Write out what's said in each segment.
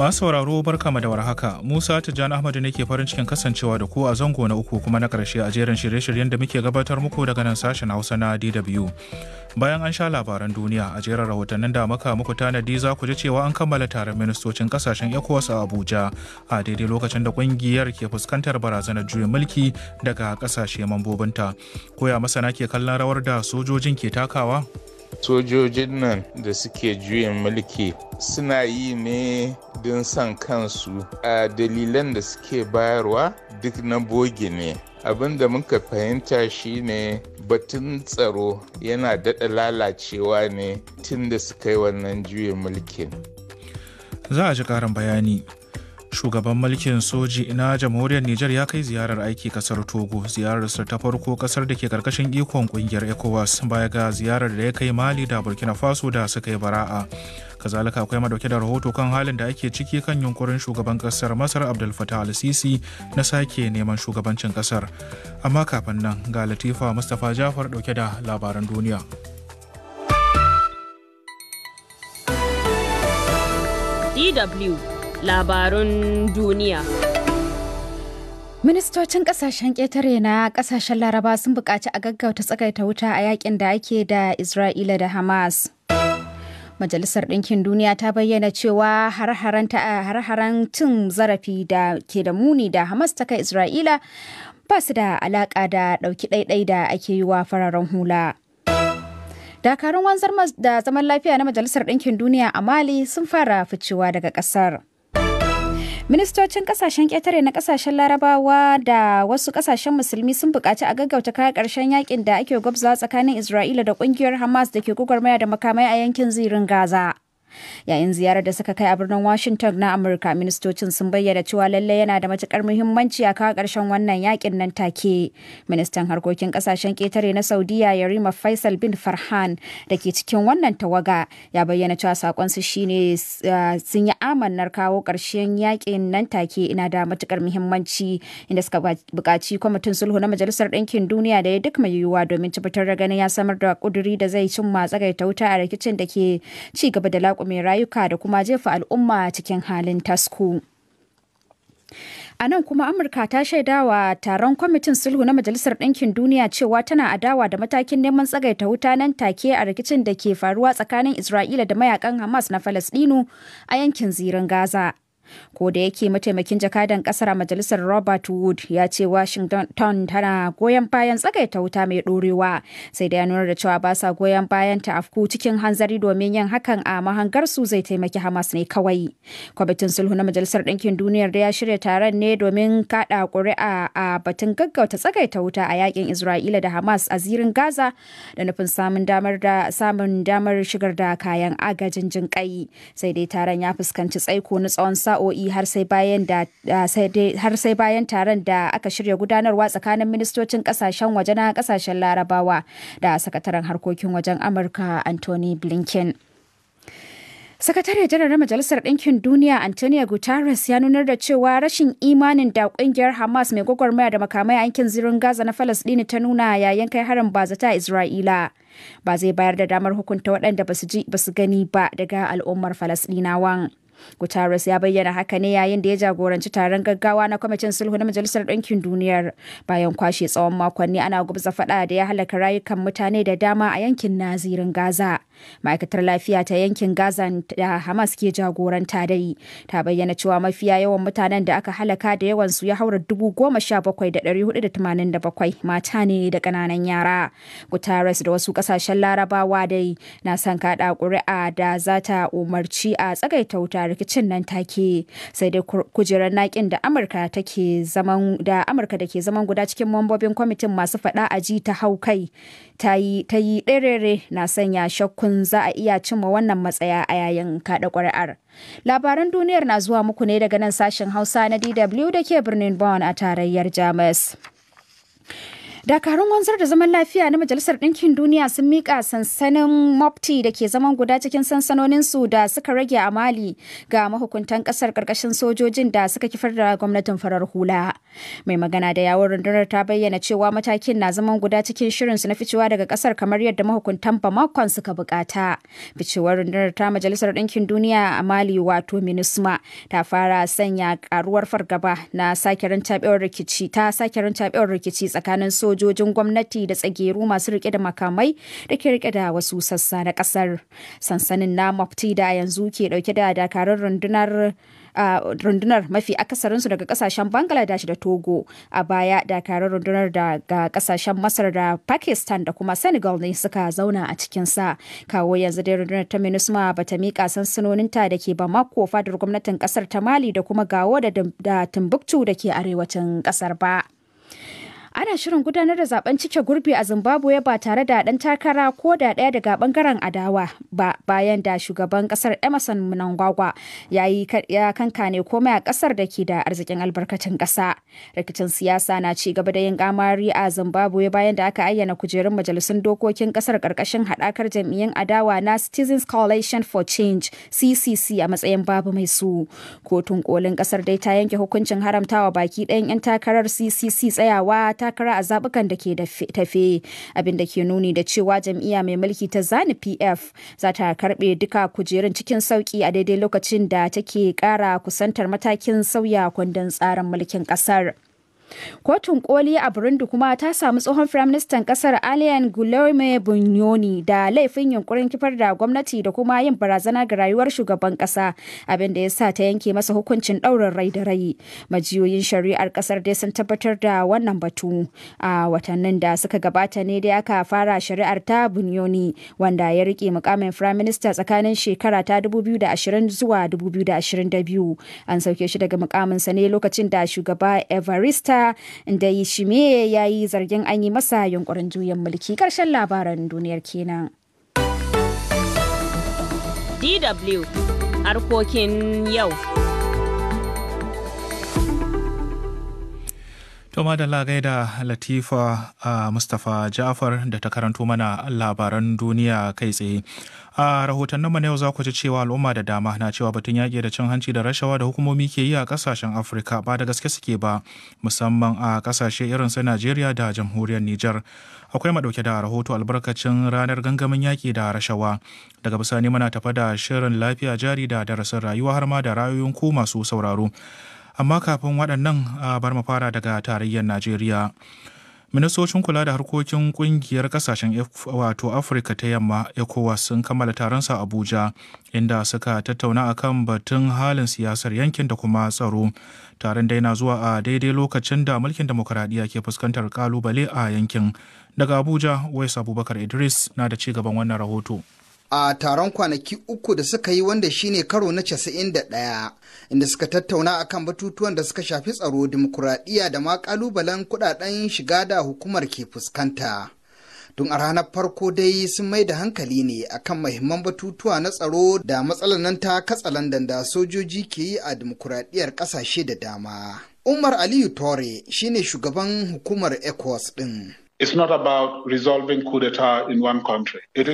Masu sauraro barkama da warhaka Musa Tijjani Ahmadu ne ke farin cikin kasancewa da ku a zango na uku kuma na ƙarshe a jerin shirye-shiryen da muke gabatar muku daga nan sashen Hausa na DW. Bayan an sha labaran duniya a jerin rahotannin da maka muku tanadi za ku ji cewa an kammala taron ministocin kasashen ECOWAS a Abuja a daidai lokacin da kungiyar ke fuskantar barazanar juyin mulki daga kasashe mambobinta. Koya masana ke kallon rawar da sojojin ke takawa? sojojin nan da suke juyin mulki suna yi ne don son kansu a dalilan da suke bayarwa duk na bogi ne abin da muka fahimta shine batun tsaro yana daɗa lalacewa ne tun da suka yi wannan juyin mulkin za a ji karin bayani shugaban mulkin soji na jamhuriyar nijar ya kai ziyarar aiki kasar togo ziyararsa ta farko kasar da ke karkashin ikon kungiyar ecowas baya ga ziyarar da ya kai mali da burkina faso da suka yi bara'a kazalika akwai madauke da rahoto kan halin da ake ciki kan yunkurin shugaban kasar masar abdul fatah al-sisi na sake neman shugabancin kasar amma kafin nan ga latifa mustapha jafar dauke da labaran duniya DW labarun duniya. Ministocin kasashen ƙetare na ƙasashen Laraba sun buƙaci a gaggauta tsakaita wuta a yakin da ake da Isra'ila da Hamas. Majalisar Ɗinkin Duniya ta bayyana cewa har-haren cin zarafi da ke da muni da Hamas ta kai Isra'ila ba su da alaƙa da ɗauki ɗaiɗai da ake yi wa fararen hula. Dakarun wanzar da zaman lafiya na Majalisar Ɗinkin Duniya a Mali sun fara ficewa daga ƙasar. Ministocin kasashen ƙetare na kasashen Larabawa da wasu kasashen Musulmi sun buƙaci a gaggauta kayan ƙarshen yakin da ake gwabzawa tsakanin Isra'ila da ƙungiyar Hamas da ke gwagwarmaya da makamai a yankin zirin Gaza. Yayin ziyarar da suka kai a birnin Washington na Amurka, ministocin sun bayyana cewa lallai yana da matukar muhimmanci a kawo ƙarshen wannan yakin nan take. Ministan harkokin ƙasashen ketare na Saudiya Yarima Faisal bin Farhan da ke cikin wannan tawaga ya bayyana cewa su shine ah, sun yi amannar kawo ƙarshen yakin nan take ina da matukar muhimmanci inda suka buƙaci kwamitin sulhu na Majalisar Ɗinkin Duniya da ya duk mai yiwuwa domin tabbatar da ganin ya samar da ƙuduri da zai cimma tsagaita wuta a rikicin da ke ci gaba da laƙo takume rayuka da kuma jefa al'umma cikin halin tasku. A nan kuma Amurka ta shaidawa taron kwamitin sulhu na Majalisar Ɗinkin Duniya cewa tana adawa da matakin neman tsagaita wuta nan take a rikicin da ke faruwa tsakanin Isra'ila da mayakan Hamas na Falasɗinu a yankin zirin Gaza. ko da yake mataimakin jakadan kasar a majalisar robert wood ya ce washington tana goyon bayan tsagaita wuta mai dorewa sai da ya nuna da cewa ba sa goyon bayan ta afku cikin hanzari domin yin hakan a mahangarsu zai taimaki hamas ne kawai kwamitin sulhu na majalisar ɗinkin duniyar da ya shirya taron ne domin kaɗa ƙuri'a a batun gaggauta tsagaita wuta a yakin isra'ila da hamas a zirin gaza da nufin samun damar da samun damar shigar da kayan agajin jinƙai sai dai taron ya fuskanci tsaiko na tsawon sa'o sa'o'i har sai bayan taron da aka shirya gudanarwa tsakanin ministocin kasashen waje na kasashen larabawa da sakataren harkokin wajen amurka anthony blinken Sakatare janar Majalisar Ɗinkin Duniya Antonio Guterres ya nunar da cewa rashin imanin da ƙungiyar Hamas mai gwagwarmaya da makamai a yankin zirin Gaza na Falasɗini ta nuna yayin kai harin bazata Isra'ila ba zai bayar da damar hukunta waɗanda ba su gani ba daga al'ummar Falasɗinawan. Guterres ya bayyana haka ne yayin da ya jagoranci taron gaggawa na kwamitin sulhu na Majalisar Ɗinkin Duniyar bayan kwashe tsawon makonni ana gubza faɗa da ya halaka rayukan mutane da dama a yankin nazirin Gaza. ma'aikatar lafiya ta yankin gaza da hamas ke jagoranta dai ta bayyana cewa mafiya yawan mutanen da aka halaka da yawan su ya haura dubu goma sha bakwai da ɗari hudu da tamanin da bakwai mata ne da ƙananan yara gutares da wasu ƙasashen larabawa dai na son kaɗa ƙuri'a da za ta umarci a tsagaita wuta rikicin nan take sai dai kujerar naƙin da amurka take zaman da amurka da ke zaman guda cikin mambobin kwamitin masu faɗa a ji ta hau kai ta yi ɗerere na sanya shakkun za a iya cimma wannan matsaya a yayin kaɗa ƙuri'ar. Labaran duniyar na zuwa muku ne daga nan sashen Hausa na DW da ke birnin Bonn a tarayyar Jamus. dakarun wanzar da zaman lafiya na majalisar ɗinkin duniya sun miƙa sansanin mopti da ke zaman guda cikin sansanoninsu da suka rage a mali ga mahukuntan ƙasar ƙarƙashin sojojin da suka kifar da gwamnatin farar hula mai magana da yawon rundunar ta bayyana cewa matakin na zaman guda cikin shirinsu na ficewa daga ƙasar kamar yadda mahukuntan bamakon suka buƙata ficewar rundunar ta majalisar ɗinkin duniya a mali wato minisma ta fara sanya ƙaruwar fargaba na sake rantabewar rikici ta sake rantabewar rikici tsakanin so sojojin gwamnati da tsageru masu rike da makamai da ke rike da wasu sassa na kasar sansanin na mafti da yanzu ke dauke da dakarun rundunar Uh, rundunar mafi akasarinsu daga kasashen bangladesh da togo a baya dakarun rundunar daga kasashen masar da pakistan da kuma senegal ne suka zauna a cikinsa kawo yanzu dai rundunar ta minisma ba ta miƙa sansanoninta da ke bamako fadar gwamnatin kasar ta mali da kuma gawo da, da timbuktu da ke arewacin kasar ba. ana shirin gudanar da zaben cike gurbi a zimbabwe ba tare da ɗan takara ko da ɗaya daga bangaren adawa ba bayan da shugaban kasar emerson mnangagwa ya yi ya kankane komai a ƙasar da ke da arzikin albarkacin ƙasa. rikicin siyasa na ci gaba da yin kamari a zimbabwe bayan da aka ayyana kujerun majalisun dokokin ƙasar karkashin haɗakar jam'iyyun adawa na citizens coalition for change ccc a matsayin babu mai su kotun kolin ƙasar dai ta yanke hukuncin haramtawa baki ɗayan 'yan takarar ccc tsayawa takara a zabukan da ke tafe abin da ke nuni da cewa jam'iyya mai mulki ta zani pf za ta karbe duka kujerun cikin sauki a daidai lokacin da take kara kusantar matakin sauya kundin tsarin mulkin kasar. Kotun koli a Burundi kuma ta samu tsohon firaministan kasar alien Guillaume Bunyoni da laifin yunkurin kifar da gwamnati da kuma yin barazana ga rayuwar shugaban kasa abinda ya sa ta yanke masa hukuncin ɗaurin rai da rai. Majiyoyin shari'ar kasar dai sun tabbatar da wannan batu a watannin da suka gabata ne dai aka fara shari'ar ta Bunyoni wanda ya rike mukamin firaminista tsakanin shekara ta 2020 zuwa 2022. An sauke shi daga mukaminsa ne lokacin da shugaba Evarista da inda Yishime ya yi zargin an yi masa yunkurin juyin mulki ƙarshen labaran duniyar kenan. DW harkokin yau. To da Lagaida, Latifa uh, Mustapha Jafar da ta karanto mana labaran duniya kai tsaye. A rahotanninmu na yau za ku ji cewa al'umma da dama na cewa batun yaƙi da cin hanci da rashawa da hukumomi ke yi a ƙasashen Afirka ba da gaske suke ba musamman a ƙasashe irin su Najeriya da jamhuriyar Nijar. Akwai maɗauke da rahoto albarkacin ranar gangamin yaƙi da rashawa. Daga bisani muna tafa da shirin lafiya jari da darasin rayuwa har ma da rayoyin ku masu sauraro. amma kafin waɗannan a bar mu fara daga tarayyar najeriya ministocin kula da harkokin kungiyar kasashen wato afirka ta yamma ecowas sun kammala taronsa abuja inda suka tattauna akan batun halin siyasar yankin da kuma tsaro taron dai na zuwa a daidai lokacin da mulkin demokuraɗiyya ke fuskantar kalubale a yankin daga abuja wais abubakar idris na da ci gaban wannan rahoto a taron kwanaki uku da suka yi wanda shine karo na 91 inda suka tattauna akan batutuwan da suka shafi tsaro dimokuraɗiyya da ma ƙalubalen kuɗaɗen shiga da hukumar ke fuskanta. tun a ranar farko dai sun mai da hankali ne akan mahimman batutuwa na tsaro da matsalar nan ta katsalandan da sojoji ke yi a dimokuraɗiyar ƙasashe da dama. Umar Aliyu Tore shine shugaban hukumar ecos ɗin. It's not about resolving coup d'etat in one country. It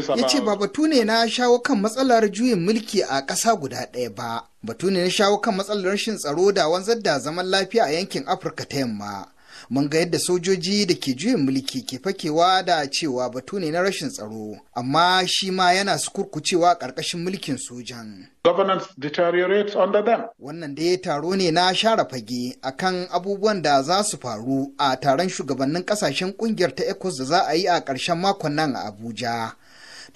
ba batu ne na shawo kan matsalar juyin mulki a ƙasa guda ɗaya ba. Batu ne na shawo kan matsalar rashin tsaro da wanzar da zaman lafiya a yankin Afirka ta yamma. mun ga yadda sojoji da ke juyin mulki ke fakewa da cewa batu ne na rashin tsaro amma shi ma yana sukurkucewa kurkucewa ƙarƙashin mulkin sojan governance deteriorates under them. Wannan dai taro ne na share fage a kan abubuwan da za su faru a taron shugabannin ƙasashen ƙungiyar ta Ecos da za a yi a ƙarshen makon nan a Abuja.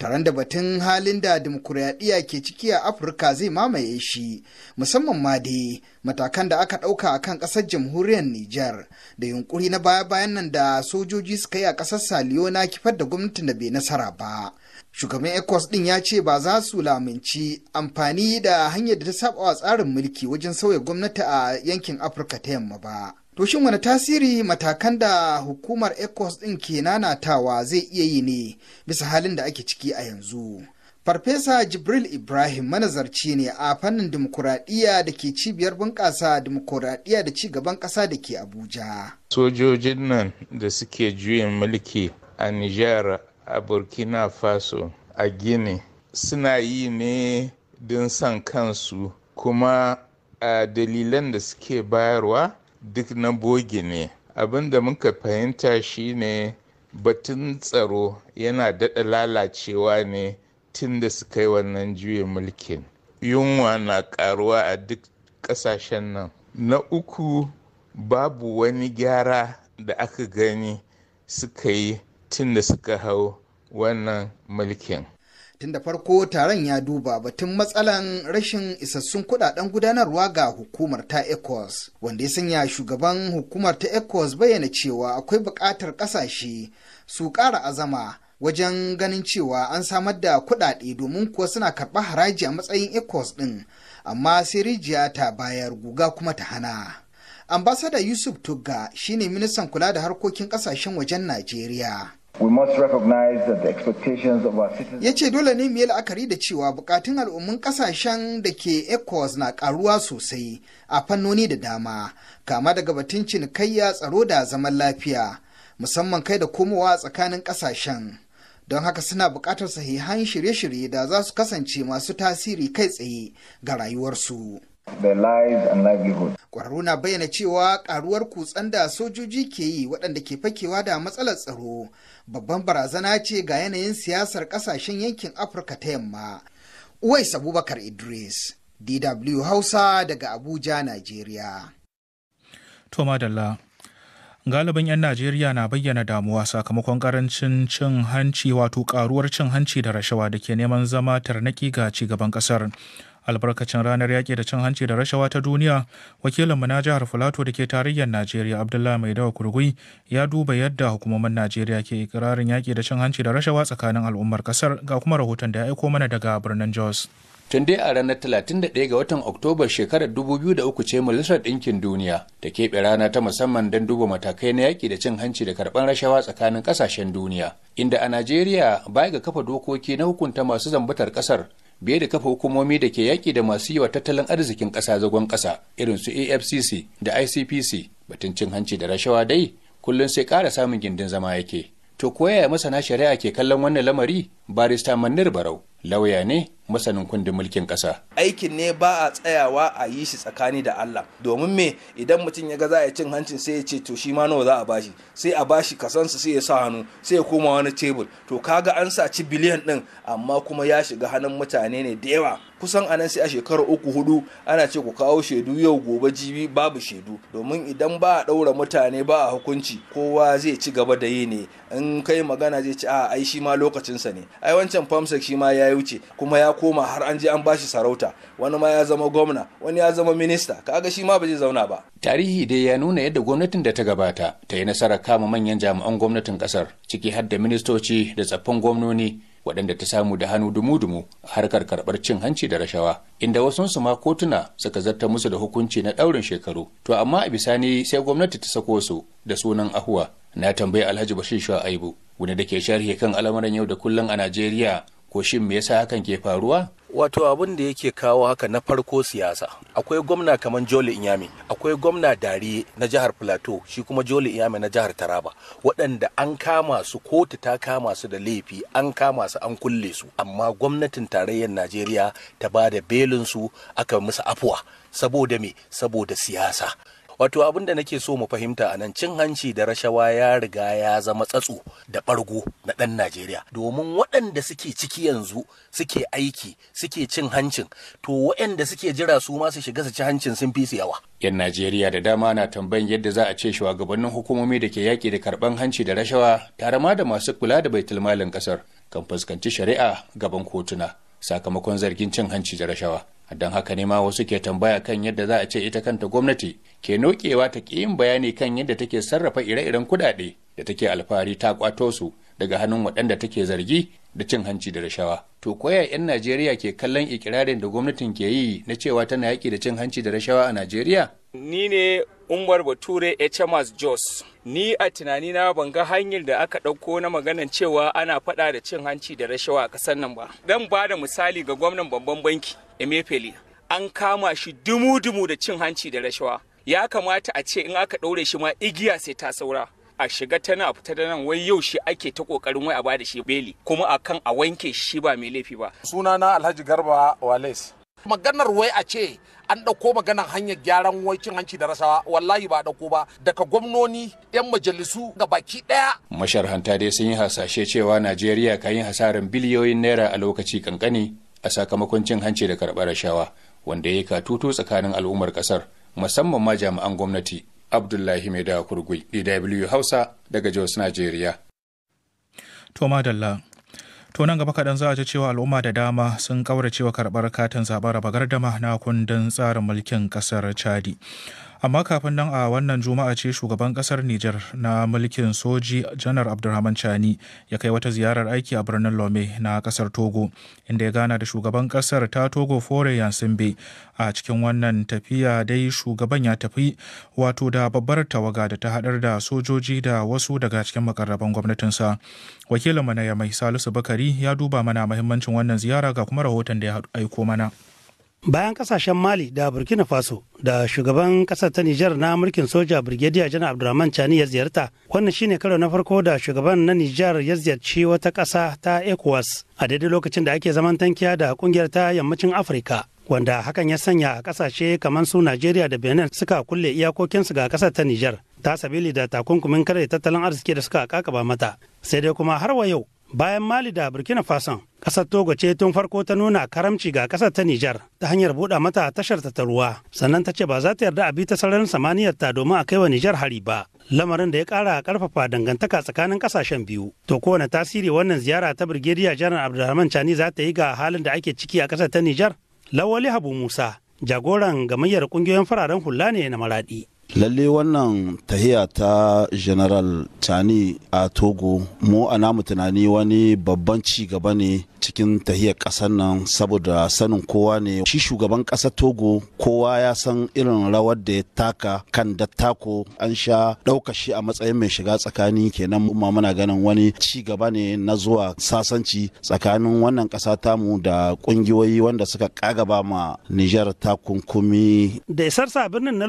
taron da batun halin da dimokuraɗiyya ke ciki a afirka zai mamaye shi musamman ma dai matakan da aka ɗauka a kan ƙasar jamhuriyar nijar da yunkuri na baya-bayan nan da sojoji suka yi a ƙasar saliyo na kifar da gwamnatin da bai nasara ba shugaban ecos din ya ce ba za su lamunci amfani da hanyar da ta saba tsarin mulki wajen sauya gwamnati a yankin afirka ta yamma ba To shin wani tasiri matakan da hukumar Ecos ɗin ke nanatawa zai iya yi ne bisa halin da ake ciki a yanzu? Farfesa Jibril Ibrahim manazarci ne a fannin dimokuraɗiyya da ke cibiyar bunƙasa dimokuraɗiyya da cigaban ƙasa da ke Abuja. Sojojin nan da suke juyin mulki a Nijar, a Burkina Faso, a gini suna yi ne don son kansu kuma a dalilan da suke bayarwa duk na bogi ne abin da muka fahimta shine batun tsaro yana daɗa lalacewa ne tun da su kai wannan juyin mulkin yunwa na ƙaruwa a duk ƙasashen nan na uku babu wani gyara da aka gani suka yi tun da suka hau wannan mulkin tun da farko taron ya duba batun matsalan rashin isassun kudaden gudanarwa ga hukumar ta ecos wanda ya sanya shugaban hukumar ta ecos bayyana cewa akwai bukatar ƙasashe su ƙara azama wajen ganin cewa an samar da kuɗaɗe domin kuwa suna karɓar haraji a matsayin ecos ɗin amma sai rijiya ta bayar guga kuma ta hana ambasada yusuf tugga shine ministan kula da harkokin ƙasashen wajen najeriya Ya ce dole ne mu yi la'akari da cewa bukatun al'ummun kasashen da ke ECOWAS na karuwa sosai a fannoni da dama, kama daga batun cinikayya tsaro da zaman lafiya, musamman kai da komowa tsakanin kasashen. Don haka suna bukatar sahihan shirye-shirye da za su kasance masu tasiri kai tsaye ga rayuwarsu. their Kwararru na bayyana cewa karuwar kutsan da sojoji ke yi waɗanda ke fakewa da matsalar tsaro babban barazana ce ga yanayin siyasar ƙasashen yankin Afirka ta yamma. Uwai Abubakar Idris, DW Hausa daga Abuja, Najeriya. Toma Dalla, Galibin 'yan Najeriya na bayyana damuwa sakamakon karancin cin hanci wato ƙaruwar cin hanci da rashawa da ke neman zama tarnaki ga cigaban kasar. ƙasar. albarkacin ranar yaƙi da cin hanci da rashawa ta duniya wakilinmu na jihar filato da ke tarayyar najeriya abdullahi mai dawa kurgui ya duba yadda hukumomin najeriya ke ikirarin yaƙi da cin hanci da rashawa tsakanin al'ummar ƙasar ga kuma rahoton da ya aiko mana daga birnin jos tun dai a ranar 31 ga watan oktoba shekarar 2003 ce majalisar ɗinkin duniya ta keɓe rana ta musamman don duba matakai na yaƙi da cin hanci da karɓar rashawa tsakanin ƙasashen duniya inda a najeriya baya ga kafa dokoki na hukunta masu zambatar ƙasar biye da kafa hukumomi da ke yaƙi da masu yi wa tattalin arzikin ƙasa zagon ƙasa irin su afcc da icpc batun cin hanci da rashawa dai kullum sai ƙara samun gindin zama yake to koyaya masana shari'a ke kallon wannan lamari barista manir barau lauya ne masanin kundin mulkin ƙasa. Aikin ne ba a tsayawa a yi shi tsakani da Allah. Domin me idan mutum ya ga za a cin hancin sai ya ce to shi ma nawa za a bashi. Sai a bashi kasansa sai ya sa hannu sai ya koma wani tebur. To kaga an saci biliyan din amma kuma ya shiga hannun mutane ne da yawa. Kusan anan sai a shekara uku hudu ana ce ku kawo shaidu yau gobe jibi babu shaidu. Domin idan ba a ɗaura mutane ba a hukunci kowa zai ci gaba da yi ne. In kai magana zai ci a ai shi ma lokacinsa ne. ai wancan famsek shi ma ya wuce kuma ya koma har an je an bashi sarauta wani ma ya zama gwamna wani ya zama minista kaga shi ma ba zai zauna ba tarihi dai ya nuna yadda gwamnatin da ta gabata ta yi nasara kama manyan jami'an gwamnatin kasar ciki har da ministoci da tsaffin gwamnoni waɗanda ta samu da hannu dumu-dumu harkar karɓar cin hanci da rashawa inda wasu wasunsu ma kotuna suka zarta musu da hukunci na ɗaurin shekaru to amma a bisani sai gwamnati ta sako su da sunan ahuwa na tambayi alhaji bashir shu'aibu wanda da ke sharhi kan al'amuran yau da kullum a najeriya ko shin me yasa hakan ke faruwa wato abin da yake kawo haka na farko siyasa akwai gwamna kamar jole inyame akwai gwamna dariye na jihar plateau shi kuma jole inyame na jihar taraba waɗanda an kama su kotu ta kama su da laifi an kama su an kulle su amma gwamnatin tarayyar najeriya ta ba da belin su aka musu afuwa saboda me saboda siyasa wato abin da nake so mu fahimta a nan cin hanci da rashawa ya riga ya zama tsatso da ɓargo na ɗan najeriya domin waɗanda suke ciki yanzu suke aiki suke cin hancin to waɗanda suke jira su ma su shiga su ci hancin sun fi su yawa yan najeriya da dama na tambayin yadda za a ce shugabannin hukumomi da ke yaƙi da karɓan hanci da rashawa tare ma da masu kula da baitulmalin ƙasar kan fuskanci shari'a gaban kotuna sakamakon zargin cin hanci da rashawa don haka ne ma wasu ke tambaya kan yadda za a ce ita kanta gwamnati ke nokewa ta yin bayani kan yadda take sarrafa ire-iren kudade da take alfahari ta kwato su daga hannun waɗanda take zargi da cin hanci da rashawa. To koya 'yan Najeriya ke kallon ikirarin da gwamnatin ke yi na cewa tana yaƙi da cin hanci da rashawa a Najeriya? Ni ne Umar Bature HMS Jos. Ni a tunanina ban ga hanyar da aka ɗauko na maganan cewa ana faɗa da cin hanci da rashawa a ƙasar nan ba. Dan ba da misali ga gwamnan babban banki Emefeli. An kama shi dumu-dumu da cin hanci da rashawa. Ya kamata a ce in aka ɗaure shi ma igiya sai ta saura. a shiga tana fita da nan wai yau shi ake ta kokarin wai a bada shi beli kuma akan a wanke shi ba mai laifi ba sunana alhaji garba wales maganar wai a ce an ɗauko maganar hanyar gyaran wai hanci da rasawa wallahi ba ɗauko ba daga gwamnoni 'yan majalisu ga baki ɗaya. masharhanta dai sun yi hasashe cewa najeriya kan yi hasarin biliyoyin naira a lokaci kankani a sakamakon cin hanci da karɓar rashawa wanda ya yi ka katutu tsakanin al'ummar ƙasar musamman ma jami'an gwamnati abdullahi mai da kurgui dw hausa daga jos najeriya. to madalla to nan gaba kaɗan za a ji cewa al'umma da dama sun wa karɓar katin zaɓen raba gardama na kundin tsarin mulkin ƙasar chadi amma kafin nan a wannan juma'a ce shugaban kasar nijar na mulkin soji janar abdulrahman chani ya kai wata ziyarar aiki a birnin lome na kasar togo inda ya gana da shugaban kasar ta togo fore yansimbe a cikin wannan tafiya dai shugaban ya tafi wato da babbar tawaga da ta haɗar da sojoji da wasu daga cikin makarraban gwamnatinsa wakilin mana ya mai salisu bakari ya duba mana muhimmancin wannan ziyara ga kuma rahoton da ya aiko mana. bayan kasashen mali da burkina faso da shugaban kasar ta nijar na mulkin soja brigadier janar abdulrahman chani ya ziyarta wannan shine karo na farko da shugaban na nijar ya ziyarci wata kasa ta ecowas a daidai lokacin da ake zaman tankiya da kungiyar ta yammacin afirka wanda hakan ya sanya a kasashe kamar su najeriya da benin suka kulle iyakokinsu ga kasar ta nijar ta sabili da takunkumin kare tattalin arziki da suka kakaba mata sai dai kuma har wa yau bayan mali da burkina faso kasar togo ce tun farko ta nuna karamci ga kasar ta nijar ta hanyar buɗa mata tashar ta ruwa sannan ta ce ba za ta yarda a bi ta sararin samaniyar ta domin a kai wa nijar hari ba lamarin da ya ƙara ƙarfafa dangantaka tsakanin ƙasashen biyu to kowane tasiri wannan ziyara ta birgediya janar abdulrahman chani za ta yi ga halin da ake ciki a kasar ta nijar lawali habu musa jagoran gamayyar ƙungiyoyin fararen hula ne na maraɗi lalle wannan tahiya ta general tani a togo mu a namu tunani wani babban ci gaba ne cikin tahiyar ƙasar nan saboda sanin kowa ne shi shugaban ƙasar togo kowa ya san irin rawar da ya taka kan dattako an sha ɗauka shi a matsayin mai shiga tsakani kenan mu muna ganin wani ci gaba ne na zuwa sasanci tsakanin wannan ƙasa tamu da ƙungiyoyi wanda suka kagaba ma nijar takunkumi da isar sa birnin na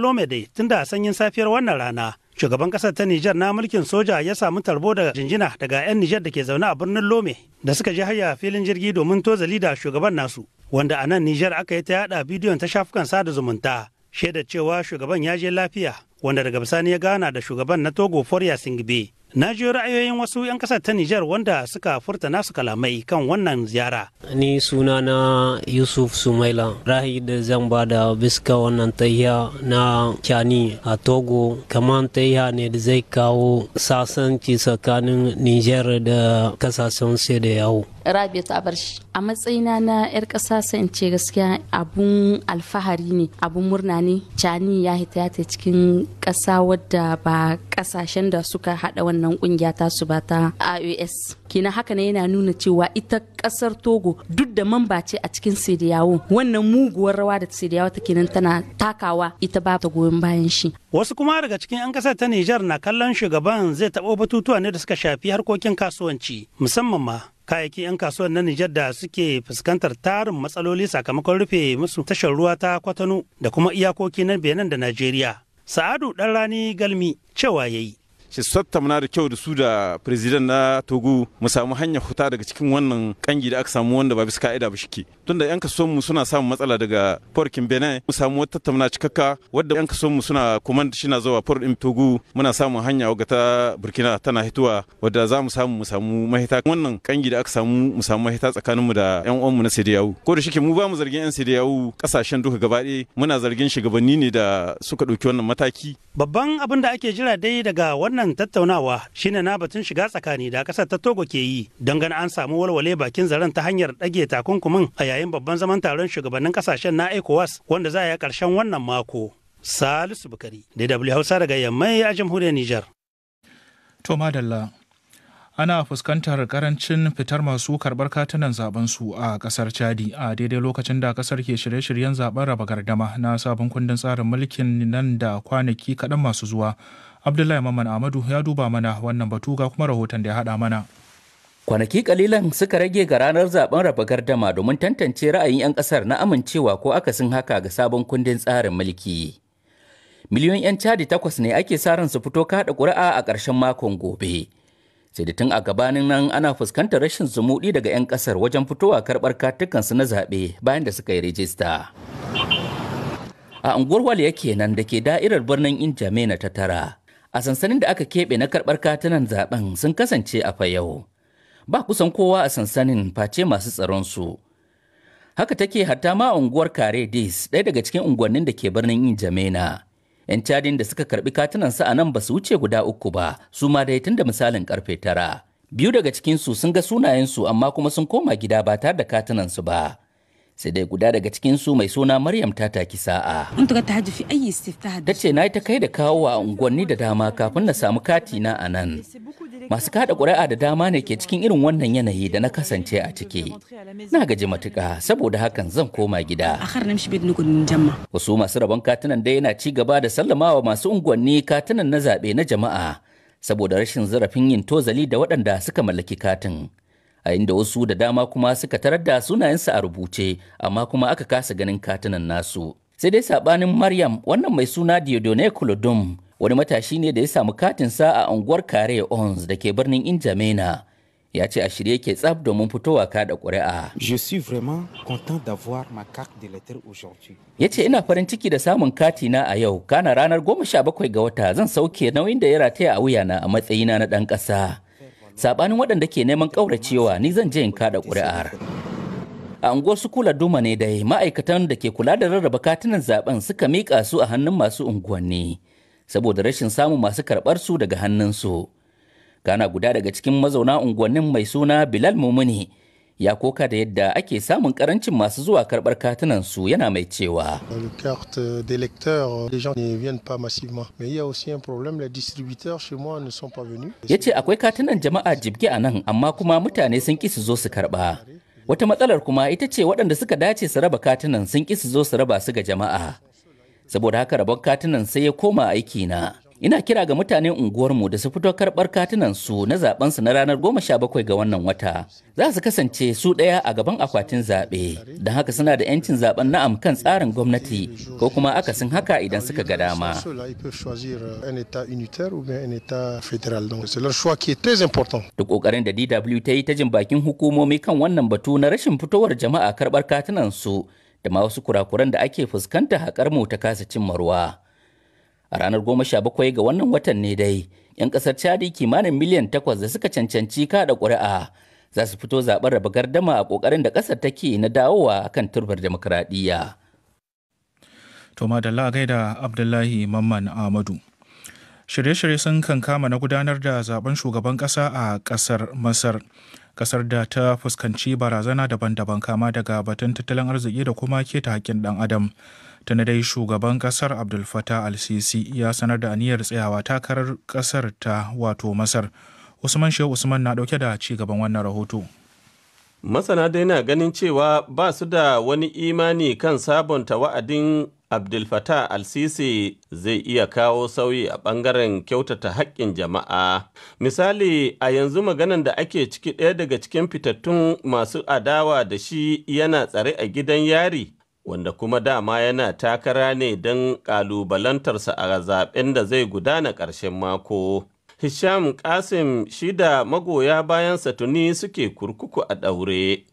tun da. sanyin safiyar wannan rana shugaban ƙasar ta Nijar na mulkin soja ya samu tarbo da jinjina daga 'yan Nijar da ke zaune a birnin Lome da suka je haya filin jirgi domin toza da shugaban nasu wanda a nan Nijar aka yi ta yada bidiyon ta shafukan sada zumunta shaida cewa shugaban ya je lafiya wanda daga bisani ya gana da shugaban na Togo Foria Singbe Na ji ra'ayoyin wasu 'yan ƙasa ta Nijar wanda suka furta nasu kalamai kan wannan ziyara. Ni suna na Yusuf Sumaila, rahi da zan bada biska wannan tahiya na Cani a Togo, kamar tahiya ne da zai kawo sasanci tsakanin Nijar da kasashen sai da yawo. rabi ta bar shi a matsayina na yar ƙasa sai ce gaskiya abun alfahari ne abun murna ne cani ya hita ya ta cikin ƙasa wadda ba ƙasashen da suka haɗa wannan kungiya ta su ba ta ios kina haka ne yana nuna cewa ita ƙasar togo duk da mamba ce a cikin sidiyawo wannan muguwar rawa da sidiyawo ta kenan tana takawa ita ba ta goyon bayan shi wasu kuma daga cikin 'yan ƙasar ta nijar na kallon shugaban zai taɓo batutuwa ne da suka shafi harkokin kasuwanci musamman ma kayayyakin 'yan kasuwan na Nijar da suke fuskantar tarin matsaloli sakamakon rufe musu tashar ruwa ta Kwatano da kuma iyakoki na Benin da Najeriya. Sa'adu ɗan rani Galmi cewa ya yi. shi muna da kyau da su da president na togo mu samu hanyar huta daga cikin wannan kangi da aka samu wanda ba bisa ka'ida ba shike tunda yan kasuwan mu suna samun matsala daga porkin benin mu samu wata tattauna cikakka wadda yan kasuwan mu suna command shi na zuwa port din togo muna samun hanya wadda ta burkina tana hituwa wadda za mu samu mu samu mahita wannan kangi da aka samu mu samu mahita tsakanin mu da yan uwan mu na sediyawu ko da shike mu ba mu zargin yan sediyawu kasashen duka gaba muna zargin shugabanni ne da suka ɗauki wannan mataki babban abin da ake jira dai daga wannan wannan tattaunawa shine na batun shiga tsakani da kasar ta togo ke yi don gani an samu walwale bakin zaren ta hanyar ɗage takunkumin a yayin babban zaman taron shugabannin kasashen na ecowas wanda za a yi ƙarshen wannan mako salisu bukari dw hausa daga yammai a jamhuriyar niger to madalla ana fuskantar karancin fitar masu karbar katunan zaben su a kasar chadi a daidai lokacin da kasar ke shirye-shiryen zaben raba gardama na sabon kundin tsarin mulkin nan da kwanaki kaɗan masu zuwa abdullahi maman amadu ya duba mana wannan batu ga kuma rahoton da ya haɗa mana kwanaki kalilan suka rage ga ranar zaben raba gardama domin tantance ra'ayin 'yan kasar na amincewa ko akasin haka ga sabon kundin tsarin mulki miliyoyin 'yan Chadi takwas ne ake sa ran su fito kaɗa ƙuri'a a ƙarshen makon gobe sai da tun a gabanin nan ana fuskantar rashin zumuɗi daga 'yan ƙasar wajen fitowa karɓar katukansu na zaɓe bayan da suka yi rijista a unguwar waliya kenan da ke da'irar birnin injamena ta tara a sansanin da aka keɓe na karɓar katunan zaɓen sun kasance a fayau ba kusan kowa a sansanin face masu tsaron su haka take hatta ma unguwar kare dis ɗaya daga cikin unguwannin da ke birnin injamena 'yan cadin da suka karbi katunansu a nan ba su wuce guda uku ba su ma dai tun da misalin karfe tara biyu daga cikinsu sun ga sunayensu amma kuma sun koma gida ba tare da katunansu ba sai dai guda daga cikin su mai suna maryam ta taki sa'a ta ce na yi ta kai da kawo a unguwanni da dama kafin na samu kati na a nan masu kada ƙuri'a da dama ne ke cikin irin wannan yanayi da na kasance a ciki na gaji matuƙa saboda hakan zan koma gida wasu masu rabon katunan dai yana ci gaba da sallamawa masu unguwanni katunan na zaɓe na jama'a saboda rashin zarafin yin tozali da waɗanda suka mallaki katin a inda wasu da dama kuma suka tarar da sunayensu a rubuce amma kuma aka kasa ganin katunan nasu sai dai sabanin maryam wannan mai suna diodone kulodum wani matashi ne da ya samu katinsa a unguwar kare ons da ke birnin injamena ya ce a shirye ke tsaf domin fitowa da ƙuri'a. Je suis vraiment content d'avoir ma carte de lettre Ya ce ina farin ciki da samun kati na a yau, kana ranar goma sha bakwai ga wata zan sauke nauyin da ya rataya a wuyana a matsayina na ɗan ƙasa. sabanin waɗanda ke neman ƙauracewa ni zan je in kaɗa ƙuri'ar a unguwar su kula duma ne dai ma'aikatan da ke kula da rarraba katunan zaben suka miƙa su a hannun masu unguwanni saboda rashin samun masu karɓar su daga hannunsu. su Kana guda daga cikin mazauna unguwannin mai suna Bilal Mumuni ya koka da yadda ake samun karancin masu zuwa karbar katunan su yana mai cewa ya ce akwai katunan jama'a jibge a nan amma kuma mutane sun ƙi su zo su karba wata matsalar kuma ita ce waɗanda suka dace su raba katunan sun ƙi su zo su raba su ga jama'a saboda haka rabon katunan sai ya koma aiki na ina kira ga mutanen unguwarmu da su fito karɓar katunansu na zaben na ranar 17 ga wannan wata za su kasance su ɗaya a gaban akwatin zaɓe don haka suna da 'yancin zaben na'am kan tsarin gwamnati ko kuma akasin haka idan suka ga dama euh, da ƙoƙarin da dw ta yi ta jin bakin hukumomi kan wannan batu na rashin fitowar jama'a karɓar katunan su da ma wasu kurakuran da ake fuskanta haƙar mu ta kasa cimma ruwa A ranar 17 ga wannan watan ne dai, 'yan kasar Chadi kimanin miliyan 8 da suka cancanci kada ƙuri'a za su fito zaɓen raba gardama a ƙoƙarin da ƙasar take na dawowa kan turbar demokuraɗiyya. To madalla gaida Abdullahi Mamman Ahmadu. Shirye-shirye sun kankama na gudanar da zaben shugaban ƙasa a ƙasar Masar. ƙasar da ta fuskanci barazana daban-daban kama daga batun tattalin arziki da kuma keta hakkin ɗan adam tana dai shugaban kasar abdul fatah al-sisi ya sanar da aniyar tsayawa takarar kasar ta wato masar usman shehu usman na dauke da ci gaban wannan rahoto masana dai na ganin cewa ba su da wani imani kan sabonta wa'adin abdul fatah al-sisi zai iya kawo sauyi a bangaren kyautata haƙƙin jama'a misali a yanzu maganan da ake ciki ɗaya daga cikin fitattun masu adawa da shi yana tsare a gidan yari wanda kuma dama yana takara ne don ƙalubalantarsa a zaɓen da zai gudana ƙarshen mako. Hisham Kasim shida magoya bayansa tuni suke kurkuku a ɗaure.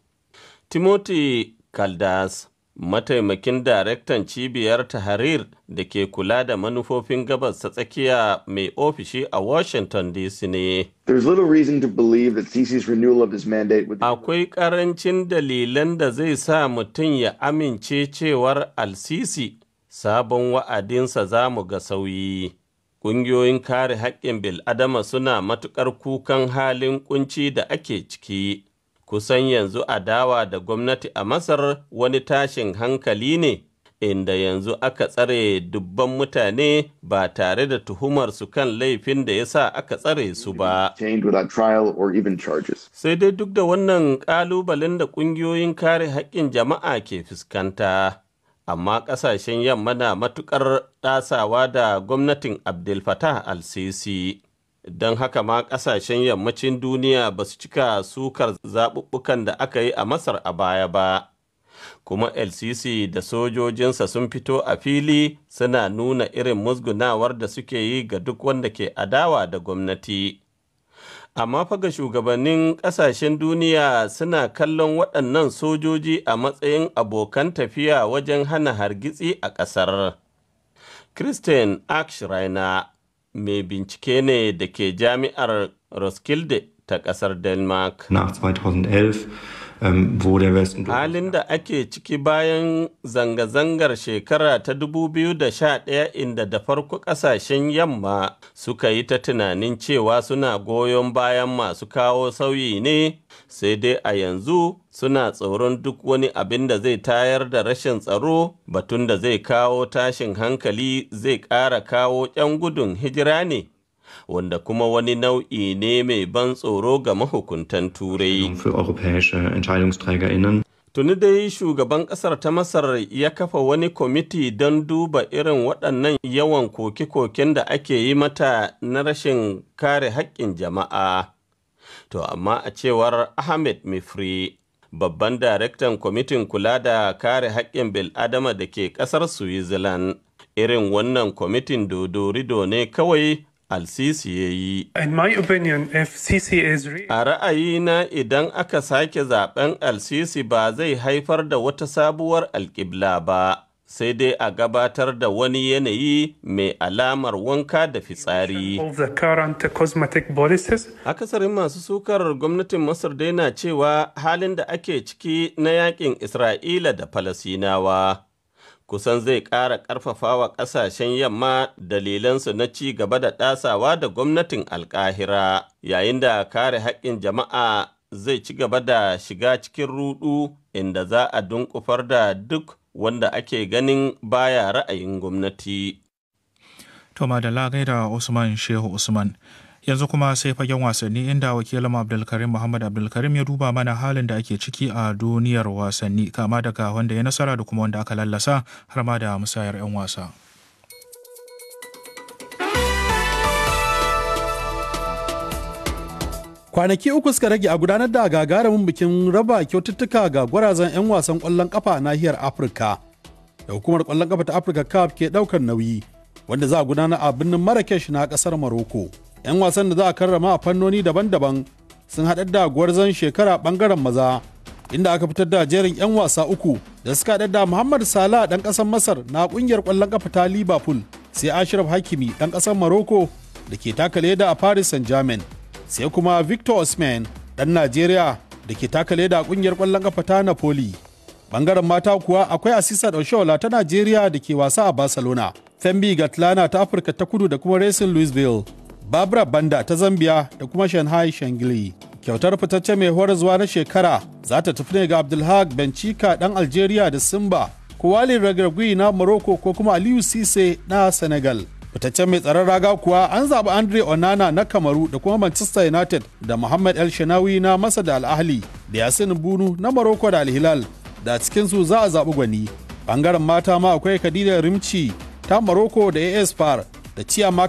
Timoti/Kaldas. mataimakin daraktan cibiyar tahrir da ke kula da manufofin gabas ta tsakiya mai ofishi a washington dc ne akwai karancin dalilan da zai sa mutum ya amince cewar al sabon wa'adinsa za mu ga sauyi ƙungiyoyin kare haƙƙin bil'adama suna matuƙar kukan halin ƙunci da ake ciki kusan yanzu adawa da gwamnati a Masar wani tashin hankali ne, inda yanzu aka tsare dubban mutane ba tare da tuhumar su kan laifin da ya sa aka tsare su ba. Sai dai duk da wannan ƙalubalen da ƙungiyoyin kare haƙƙin jama'a ke fuskanta. Amma ƙasashen yamma na matuƙar ɗasawa da gwamnatin Abdel Fattah al-Sisi. don haka ma kasashen yammacin duniya ba su cika sukar zaɓuɓɓukan da aka yi a masar a baya ba kuma lcc da sojojinsa sun fito a fili suna nuna irin musgunawar da suke yi ga duk wanda ke adawa da gwamnati amma faga shugabannin ƙasashen duniya suna kallon waɗannan sojoji a matsayin abokan tafiya wajen hana hargitsi a ƙasar christian akshraina mai bincike ne da ke jami'ar Roskilde ta ƙasar Denmark. Nach 2011 wo der Westen. Halin da ake ciki bayan zanga-zangar shekara ta 2011 inda da farko ƙasashen yamma suka yi ta tunanin cewa suna goyon bayan masu kawo sauyi ne sai dai a yanzu suna tsoron duk wani abin da zai tayar da rashin tsaro batun da zai kawo tashin hankali zai ƙara kawo 'yan gudun hijira ne. wanda kuma wani nau'i ne mai ban tsoro ga mahukuntan turai. Tuni dai shugaban ƙasar ta Masar ya kafa wani kwamiti don duba irin waɗannan yawan koke-koken da ake yi mata na rashin kare haƙƙin jama'a. To amma a cewar Ahmed Mifri, babban daraktan kwamitin kula da kare haƙƙin bil'adama da ke ƙasar Switzerland, irin wannan kwamitin dodorido ne kawai al-sisi ya yi a na idan aka sake zaben al-sisi ba zai haifar da wata sabuwar alƙibla ba sai dai a gabatar da wani yanayi mai alamar wanka da fitsari. Akasarin masu sukar gwamnatin Masar dai na cewa halin da ake ciki na yakin Isra'ila da Falasinawa. kusan zai ƙara ƙarfafa wa ƙasashen yamma dalilansu na ci gaba da ɗasawa da gwamnatin alƙahira yayin da kare haƙƙin jama'a zai ci gaba da shiga cikin ruɗu inda za a dunkufar da duk wanda ake ganin baya ra'ayin gwamnati. To da lagai da Usman Shehu Usman. yanzu kuma sai fagen wasanni inda wakilin abdulkarim muhammad abdulkarim ya duba mana halin da ake ciki a duniyar wasanni kama daga wanda ya nasara da kuma wanda aka lallasa har ma da musayar 'yan wasa kwanaki uku suka rage a gudanar da gagarumin bikin raba kyaututtuka ga gwarazan 'yan wasan kwallon kafa a nahiyar afirka da hukumar kwallon kafa ta afirka cup ke daukar nauyi wanda za a gudanar a birnin marrakesh na kasar maroko 'yan wasan da za a karrama a fannoni daban-daban sun haɗar da gwarzon shekara ɓangaren maza inda aka fitar da jerin 'yan wasa uku da suka haɗar da muhammad salah ɗan ƙasar masar na ƙungiyar ƙwallon ƙafa ta liverpool sai ashraf hakimi ɗan ƙasar morocco da ke taka leda a paris saint germain sai kuma victor osman ɗan najeriya da ke taka leda a ƙungiyar ƙwallon ƙafa ta napoli bangaren mata kuwa akwai asisa oshola ta najeriya da ke wasa a barcelona fembi gatlana ta afirka ta kudu da kuma racing louisville Babra Banda ta Zambia da kuma Shanghai Shangli. Kyautar fitacce mai zuwa na shekara za ta tafi ne ga Abdulhaq Bencika ɗan Algeria da Simba, Kuwali Ragragui na Morocco ko kuma Aliyu Sise na Senegal. fitaccen mai tsaron raga kuwa an zaɓi andre onana na kamaru da kuma manchester united da muhammad el shanawi na masa da al'ahli da yasin bunu na morocco da alhilal da cikinsu za a zaɓi gwani ɓangaren mata ma akwai kadida rimci ta morocco da as far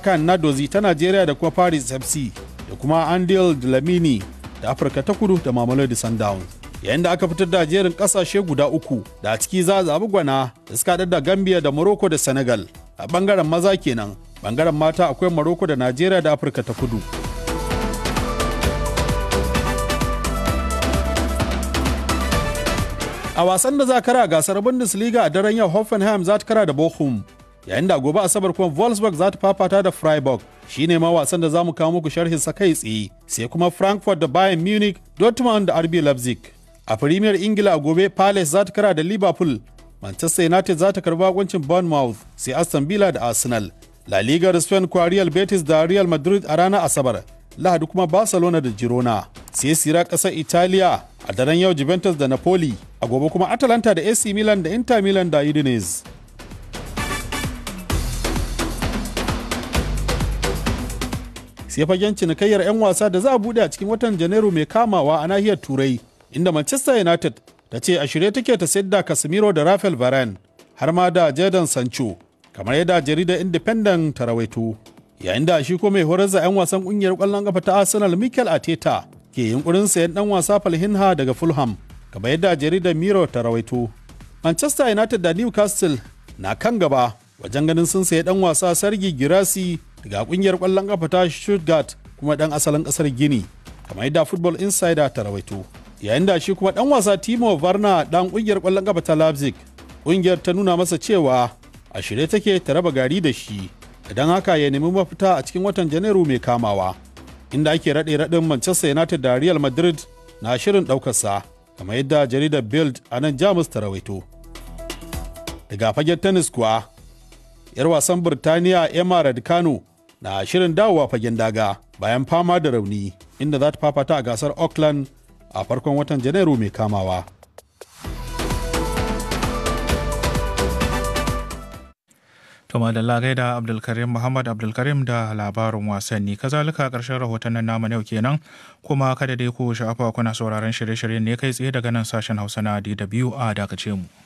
da na dozi ta Najeriya da kuma Paris FC da kuma Andil Dlamini da Afirka ta Kudu da Mamelodi Sundowns. Yayin da aka fitar da jerin kasashe guda uku da a ciki za a zaɓi gwana da suka da Gambia da Morocco da Senegal a ɓangaren maza kenan. Ɓangaren mata akwai Morocco da Najeriya da Afirka ta Kudu. A wasan da za kara gasar Bundesliga a daren yau Hoffenheim za ta kara da Bochum yayin da gobe asabar kuma Wolfsburg za ta fafata da Freiburg ne ma wasan da zamu kawo muku sharhin sa kai tsaye sai kuma Frankfurt da Bayern Munich Dortmund da RB Leipzig a Premier Ingila gobe Palace za ta kara da Liverpool Manchester United za ta karba wancin Bournemouth sai Aston Villa da Arsenal La Liga da Spain kuwa Real Betis da Real Madrid a ranar Asabar Lahadi kuma Barcelona da Girona sai sira ƙasar Italiya a daren yau Juventus da Napoli a gobe kuma Atalanta da AC Milan da Inter Milan da Udinese sai fagen cinikayyar 'yan wasa da za a buɗe a cikin watan janairu mai kamawa a nahiyar turai inda manchester united ta ce a shirye take ta sayar da casemiro da rafael varane har ma da jadon sancho kamar yadda jaridar independent ta rawaito yayin da shi ko mai horar da 'yan wasan kungiyar kwallon kafa ta arsenal mikel ateta ke yunkurin sayan dan wasa falhinha daga fulham kamar yadda jaridar miro ta rawaito manchester united da newcastle na kan gaba wajen ganin sun sayi dan wasa sargi girasi daga kungiyar kwallon kafa ta Stuttgart kuma dan asalin kasar Gini kamar yadda Football Insider ta rawaito. Yayin da shi kuma dan wasa Timo Werner dan kungiyar kwallon kafa ta Leipzig kungiyar ta nuna masa cewa a shirye take ta raba gari da shi idan haka ya nemi mafita a cikin watan Janairu mai kamawa. Inda ake raɗe-raɗin Manchester United da Real Madrid na shirin ɗaukarsa kamar yadda jaridar Bild a nan Jamus ta rawaito. Daga fagen tennis kuwa, 'yar wasan Birtaniya Emma Raducanu na shirin dawowa fagen daga bayan fama da rauni inda za ta fafata a gasar auckland a farkon watan janairu mai kamawa Tuma da lagai da Abdulkarim Muhammad Abdulkarim da labarin wasanni. Kazalika karshen rahoton nan namu yau kenan kuma kada dai ku sha'afa kuna sauraron shirye-shiryen ne kai tsaye daga nan sashen Hausa na DW a dakace mu.